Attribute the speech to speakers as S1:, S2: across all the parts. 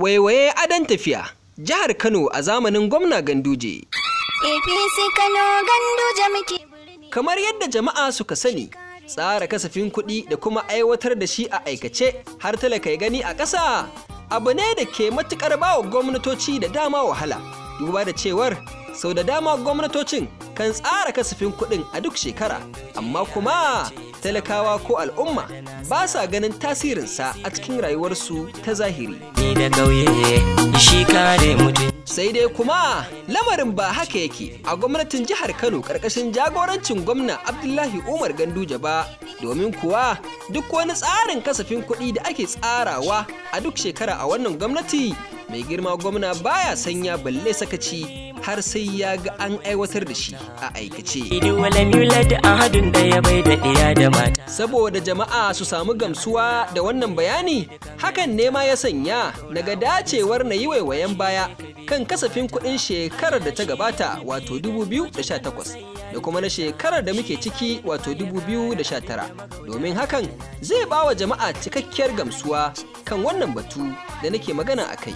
S1: waiwaye adon tafiya jihar kano a zamanin gwamna ganduje kamar yadda jama'a suka sani tsara kasafin kuɗi da kuma aiwatar da shi a aikace har talaka gani a ƙasa abu ne da ke matuƙar ba wa gwamnatoci da dama wahala duba da cewar sau da dama gwamnatocin kan tsara kasafin kuɗin a duk shekara amma kuma talakawa ko al'umma ba sa ganin tasirinsa a cikin rayuwarsu ta zahiri sai dai kuma lamarin ba haka yake a gwamnatin jihar kano karkashin jagorancin gwamna abdullahi umar Ganduja ba domin kuwa duk wani tsarin kasafin kuɗi da ake tsarawa a duk shekara a wannan gwamnati mai girma gwamna baya sanya balle sakaci har sai ya ga an aiwatar da shi a aikace. Saboda jama'a su samu gamsuwa da wannan bayani, hakan ne ma ya sanya daga dacewar na yi waiwayen baya kan kasafin kuɗin shekarar da ta gabata wato 2018. da kuma na shekarar da muke ciki wato 2019 domin hakan zai ba wa jama'a cikakkiyar gamsuwa kan wannan batu da nake magana a kai.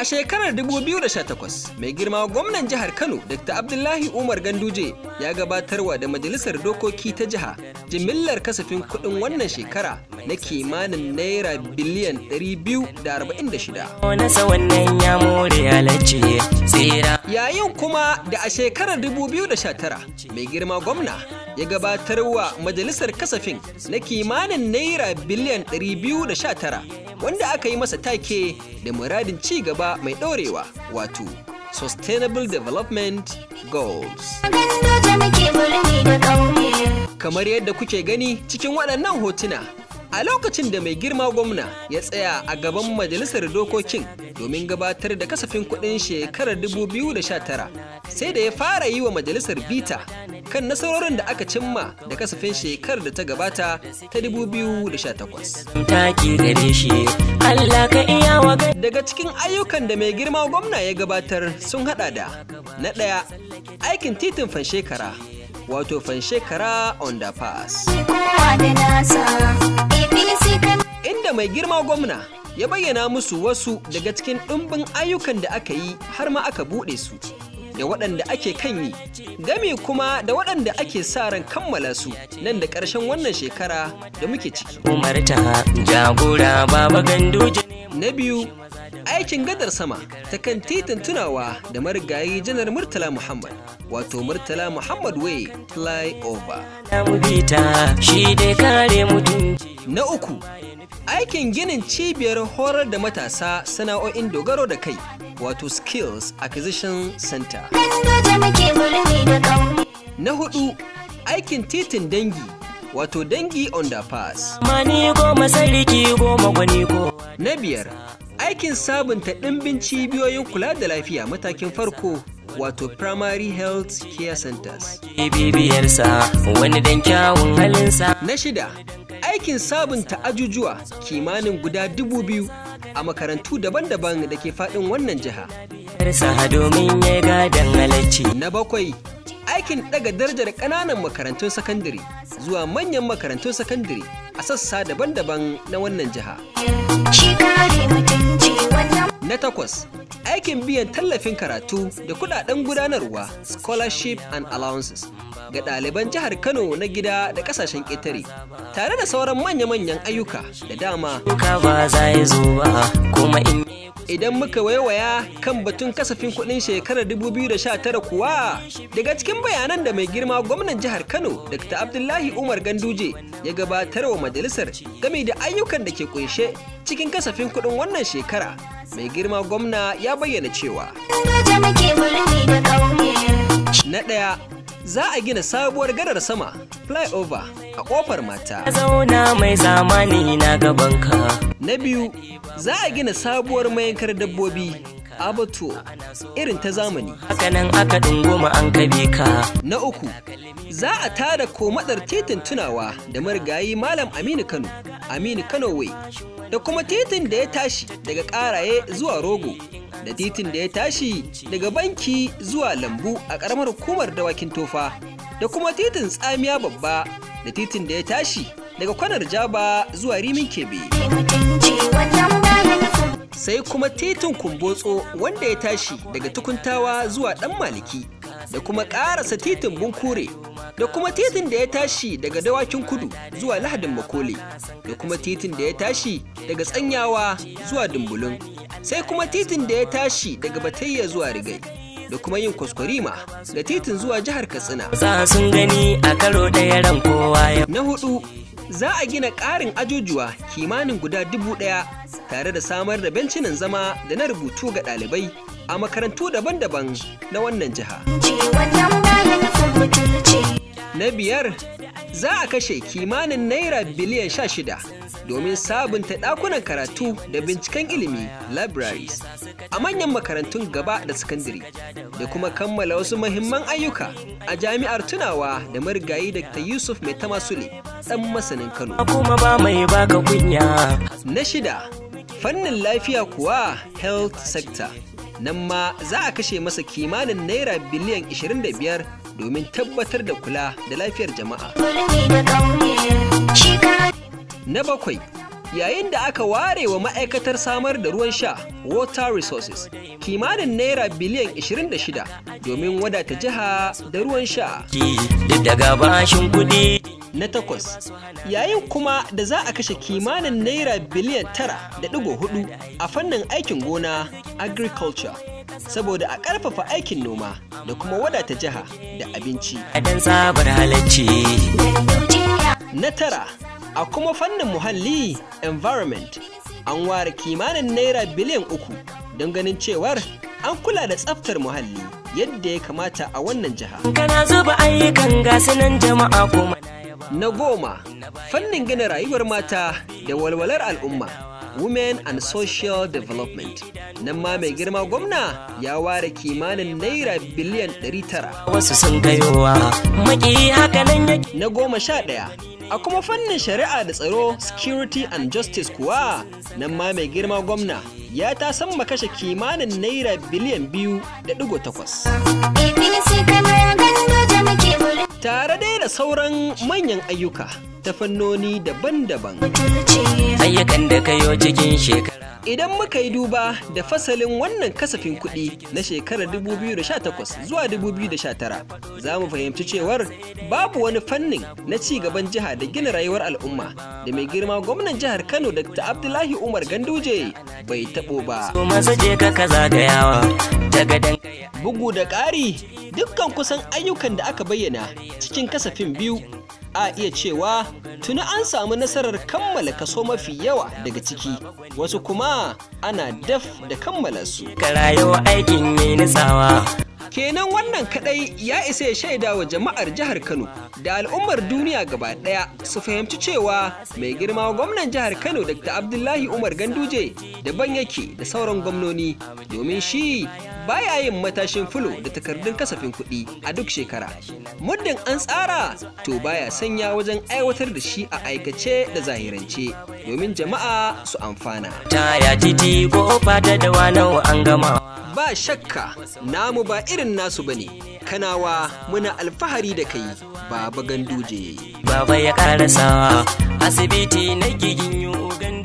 S1: A shekarar 2018, mai girma gwamnan jihar Kano, Dr. Abdullahi Umar Ganduje ya gabatarwa da majalisar dokoki ta jiha jimillar kasafin kuɗin wannan shekara na kimanin naira biliyan 246 yayin kuma da a shekarar 2019 mai girma gwamna ya gabatarwa majalisar kasafin na kimanin naira biliyan 219 wanda aka yi masa take da muradin ci gaba mai ɗorewa wato Sustainable Development Goals. Kamar yadda kuke gani cikin waɗannan hotuna A lokacin da mai girma gwamna ya tsaya a gaban majalisar dokokin domin gabatar da kasafin kuɗin shekarar 2019 sai da ya fara yi wa majalisar bita kan nasarorin da aka cimma da kasafin shekarar da ta gabata ta 2018. Daga cikin ayyukan da mai girma gwamna ya gabatar sun hada da na ɗaya aikin titin fanshekara wato fanshekara underpass. Kowa da nasa mai girma gwamna ya bayyana musu wasu daga cikin ɗimbin ayyukan da aka yi har ma aka buɗe su da waɗanda ake kan yi gami kuma da waɗanda ake sa ran kammala su nan da ƙarshen wannan shekara da muke ciki. Na biyu aikin gadar sama ta kan titin tunawa da marigayi janar Murtala Muhammad, wato Murtala Muhammad Way Flyover. Na uku, aikin ginin cibiyar horar da matasa sana'o'in dogaro da kai, wato Skills Acquisition Center. Na hudu, aikin titin dangi wato dangi underpass. Na biyar aikin sabunta ɗimbin cibiyoyin kula da lafiya matakin farko wato primary health care centers na shida aikin sabunta ajujuwa kimanin guda dubu biyu a makarantu daban-daban da ke faɗin wannan jiha na bakwai aikin daga darajar ƙananan makarantun sakandare zuwa manyan makarantun sakandare a sassa daban-daban na wannan jiha. Na takwas, aikin biyan tallafin karatu da kudaden gudanarwa scholarship and allowances ga ɗaliban jihar Kano na gida da ƙasashen ƙetare tare da sauran manya-manyan ayyuka da dama. idan muka waiwaya kan batun kasafin kuɗin shekarar 2019 kuwa daga cikin bayanan da mai girma gwamnan jihar kano dr abdullahi umar ganduje ya gabatar wa majalisar game da ayyukan da ke kunshe cikin kasafin kuɗin wannan shekara mai girma gwamna ya bayyana cewa na ɗaya za a gina sabuwar gadar sama flyover a kofar mata. zauna mai zamani na ka. Na biyu za a gina sabuwar mayankar dabbobi abato irin ta zamani. Hakanan aka goma an kabe ka. Na uku za a tada komadar titin tunawa da marigayi Malam Aminu Kano, Aminu Kano Way, da kuma titin da ya tashi daga karaye zuwa rogo da titin da ya tashi daga banki zuwa lambu a ƙaramar hukumar dawakin tofa da kuma titin tsamiya babba da titin da ya tashi daga kwanar jaba zuwa rimin kebe sai kuma titin kumbotso wanda ya tashi daga tukuntawa zuwa ɗan maliki da kuma ƙarasa titin bunkure da kuma titin da ya tashi daga dawakin kudu zuwa lahadin makole da kuma titin da ya tashi daga tsanyawa zuwa dumbulun sai kuma titin da ya tashi daga batayya zuwa rigai da kuma yin kwaskwarima da titin zuwa jihar katsina sun gani a na hudu za a gina ƙarin ajujuwa kimanin guda dubu ɗaya tare da samar da bencinan zama da na rubutu ga ɗalibai a makarantu daban-daban na wannan jiha na biyar za a kashe kimanin naira biliyan sha shida domin sabunta ɗakunan karatu da binciken ilimi libraries a manyan makarantun gaba da sakandare da kuma kammala wasu mahimman ayyuka a jami'ar tunawa da marigayi Dr. Yusuf Mai Tamasule ɗan masanin Kano. Na shida, fannin lafiya kuwa health sector. Nan ma za a kashe masa kimanin naira biliyan 25 domin tabbatar da kula da lafiyar jama'a. Na bakwai, yayin da aka ware wa ma'aikatar samar da ruwan sha water resources kimanin naira biliyan 26 domin wadata jiha da ruwan sha na takwas yayin kuma da za a kashe kimanin naira biliyan tara 9.4 a fannin aikin gona agriculture saboda a ƙarfafa aikin noma da kuma wadata jiha da abinci na tara A kuma fannin muhalli environment an ware kimanin naira biliyan uku don ganin cewar an kula da tsaftar muhalli yadda ya kamata a wannan jiha. zuba ayyukan gasunan jama'a na goma fannin gina rayuwar mata da walwalar al'umma women and social development nan ma mai girma gwamna ya ware kimanin naira biliyan 900 na goma sha ɗaya a kuma fannin shari'a da tsaro security and justice kuwa nan ma mai girma gwamna ya ta samma kashe kimanin naira biliyan biyu da takwas tare dai da sauran manyan ayyuka ta fannoni daban-daban ayyukan da kayo cikin shekara Idan muka yi duba da fasalin wannan kasafin kuɗi na shekarar 2018 zuwa 2019 za mu fahimci cewar babu wani fannin na ci gaban jiha da gina rayuwar al'umma da mai girma gwamnan jihar Kano Dr. Abdullahi Umar Ganduje bai taɓo ba. Bugu da ƙari dukkan kusan ayyukan da aka bayyana cikin kasafin biyu a iya cewa tuni an samu nasarar kammala kaso mafi yawa daga ciki wasu kuma ana daf da kammala su kenan wannan kadai ya isa ya shaida wa jama'ar jihar kano da al'ummar duniya gaba daya su fahimci cewa mai girma gwamnan jihar kano dr abdullahi umar ganduje daban yake da sauran gwamnoni domin shi baya yin matashin fulo da takardun kasafin kuɗi a duk shekara. Muddin an tsara to baya sanya wajen aiwatar da shi a aikace da zahirance domin jama'a su amfana. Ba shakka namu ba irin nasu ba ne, kanawa muna alfahari da kai baba ganduje. Baba ya karasa asibiti na gigin